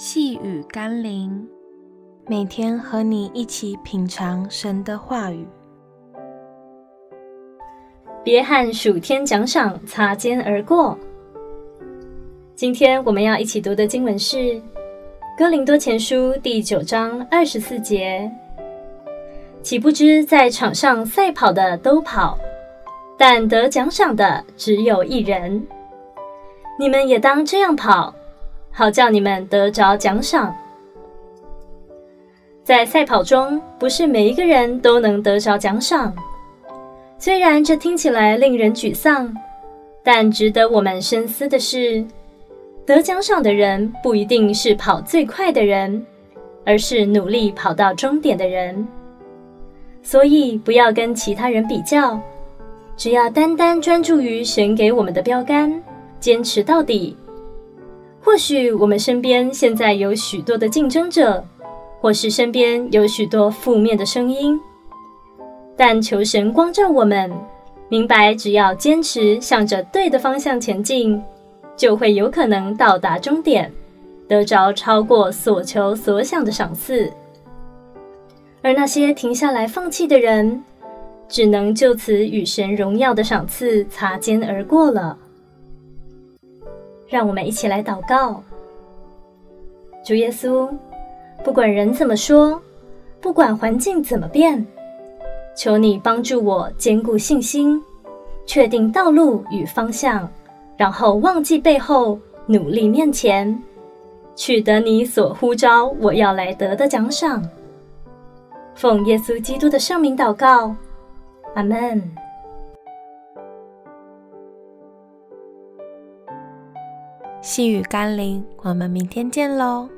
細語甘霖，每天和你一起品嘗神的話語。別和屬天獎賞擦肩而過。今天我們要一起讀的經文是《哥林多前書》第九章二十四節：“豈不知在場上賽跑的都跑，但得獎賞的只有一人。你們也當這樣跑。”好叫你們得着獎賞。在賽跑中，不是每一個人都能得着獎賞。雖然這聽起來令人沮喪，但值得我們深思的是，得獎賞的人不一定是跑最快的人，而是努力跑到終點的人。所以，不要跟其他人比較，只要單單專注於神給我們的標竿，堅持到底。或許我們身邊現在有許多的競爭者，或是身邊有許多負面的聲音，但求神光照我們，明白只要堅持向着對的方向前進，就會有可能到達終點，得着超過所求所想的賞賜。而那些停下來放棄的人，只能就此與神榮耀的賞賜擦肩而過了。讓我們一起來禱告。主耶穌，不管人怎麼說，不管環境怎麼變，求你幫助我堅固信心，確定道路與方向，然後忘記背後，努力面前，去得你所呼召我要來得的獎賞。奉耶穌基督的聖名禱告，阿門。細語甘霖，我們明天見嘍。